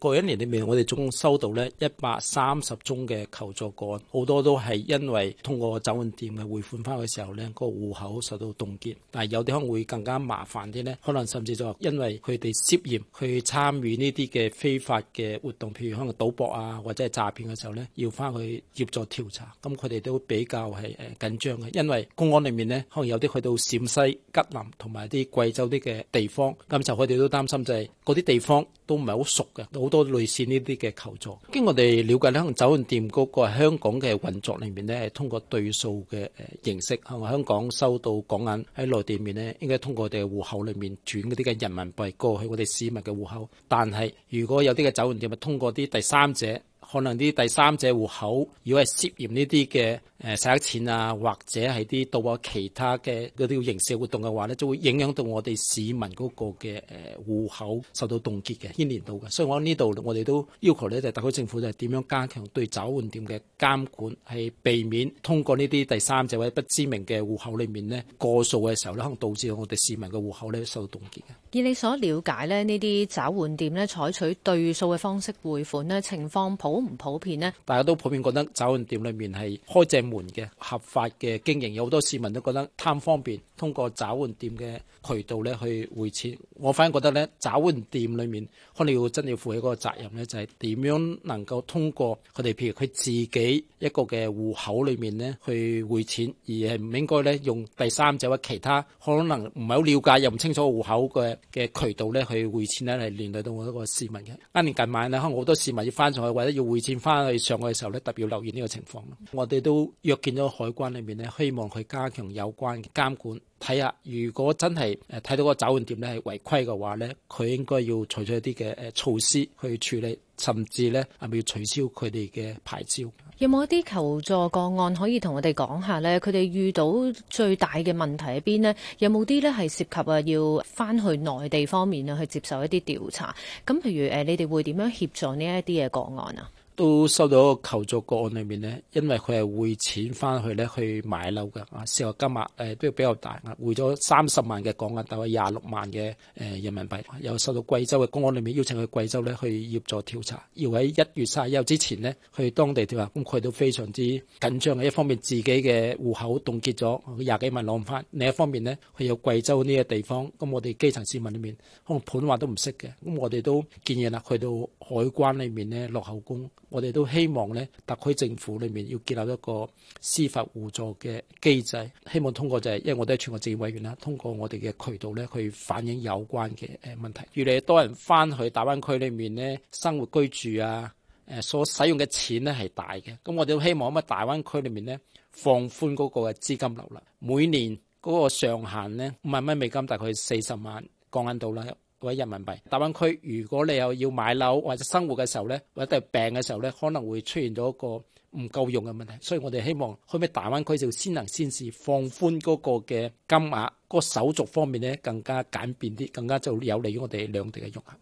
過一年裏面，我哋總共收到咧一百三十宗嘅求助個案，好多都係因為通過找換店嘅匯款翻去嘅時候咧，個戶口受到凍結。但係有啲可能會更加麻煩啲咧，可能甚至就是因為佢哋涉嫌去參與呢啲嘅非法嘅活動，譬如可能賭博啊或者係詐騙嘅時候咧，要翻去協助調查。咁佢哋都比較係誒緊張嘅，因為公安裏面咧，可能有啲去到陝西、吉林同埋啲貴州啲嘅地方。咁就佢哋都擔心就係嗰啲地方。都唔係好熟嘅。好多類似呢啲嘅求助，經我哋了解呢，可能找換店嗰、嗰個香港嘅運作裏面呢，係通過對數嘅誒形式，係係香港收到港銀，喺內地面呢，應該通過我哋嘅戶口裏面轉嗰啲嘅人民幣過去我哋市民嘅戶口。但係如果有啲嘅找換店咪通過啲第三者。可能啲第三者戶口，如果係涉嫌呢啲嘅誒洗黑錢啊，或者係啲到啊其他嘅嗰啲刑事活動嘅話咧，就會影響到我哋市民嗰個嘅誒戶口受到凍結嘅牽連到嘅。所以我喺呢度我哋都要求咧，就特區政府就係點樣加強對找換店嘅監管，係避免通過呢啲第三者或者不知名嘅戶口裏面咧過數嘅時候咧，可能導致我哋市民嘅戶口咧受到凍結嘅。以你所了解咧，呢啲找換店咧採取對數嘅方式匯款咧，情況普好唔普遍呢，大家都普遍覺得找換店裏面係開正門嘅、合法嘅經營，有好多市民都覺得貪方便，通過找換店嘅渠道咧去匯錢，我反而覺得咧，找換店裏面可能真的要真要負起嗰個責任咧，就係點樣能夠通過佢哋，譬如佢自己一個嘅戶口裏面咧去匯錢，而係唔應該咧用第三者或者其他可能唔係好了解又唔清楚戶口嘅嘅渠道咧去匯錢咧，係連累到我一個市民嘅。一年近晚咧，可能好多市民要翻上去，或者要。回展翻去上海嘅時候咧，特別要留意呢個情況。我哋都約見咗海關裏面呢，希望佢加強有關嘅監管，睇下如果真係誒睇到個找換店咧係違規嘅話咧，佢應該要採取，取一啲嘅誒措施去處理，甚至咧係咪要取消佢哋嘅牌照？有冇一啲求助個案可以同我哋講下咧？佢哋遇到最大嘅問題喺邊呢？有冇啲咧係涉及啊？要翻去內地方面啊，去接受一啲調查。咁譬如誒，你哋會點樣協助呢一啲嘅個案啊？都收到求助個案裏面呢，因為佢係匯錢翻去咧去買樓嘅啊，涉案金額誒都比較大啊，匯咗三十萬嘅港銀，大概廿六萬嘅人民幣。又收到貴州嘅公安裏面邀請去貴州呢，去協助調查，要喺一月卅一號之前呢，去當地調查。咁佢都非常之緊張嘅，一方面自己嘅戶口凍結咗廿幾萬攞唔翻，另一方面呢，佢有貴州呢個地方，咁我哋基層市民裏面可能普通話都唔識嘅，咁我哋都建議啦，去到海關裏面呢，落口供。我哋都希望咧，特區政府裏面要建立一個司法互助嘅機制，希望通過就係、是，因為我哋係全國政協委員啦，通過我哋嘅渠道咧去反映有關嘅誒問題。越嚟越多人翻去大灣區裏面咧生活居住啊，所使用嘅錢咧係大嘅，咁我哋都希望喺乜大灣區裏面咧放寬嗰個嘅資金流啦。每年嗰個上限咧五萬蚊美金，大概四十萬港銀度啦。或者人民幣，大灣區如果你又要買樓或者生活嘅時候咧，或者係病嘅時候咧，可能會出現咗一個唔夠用嘅問題，所以我哋希望可唔可以大灣區就先行先試放寬嗰個嘅金額，嗰個手續方面咧更加簡便啲，更加就有利於我哋兩地嘅融合。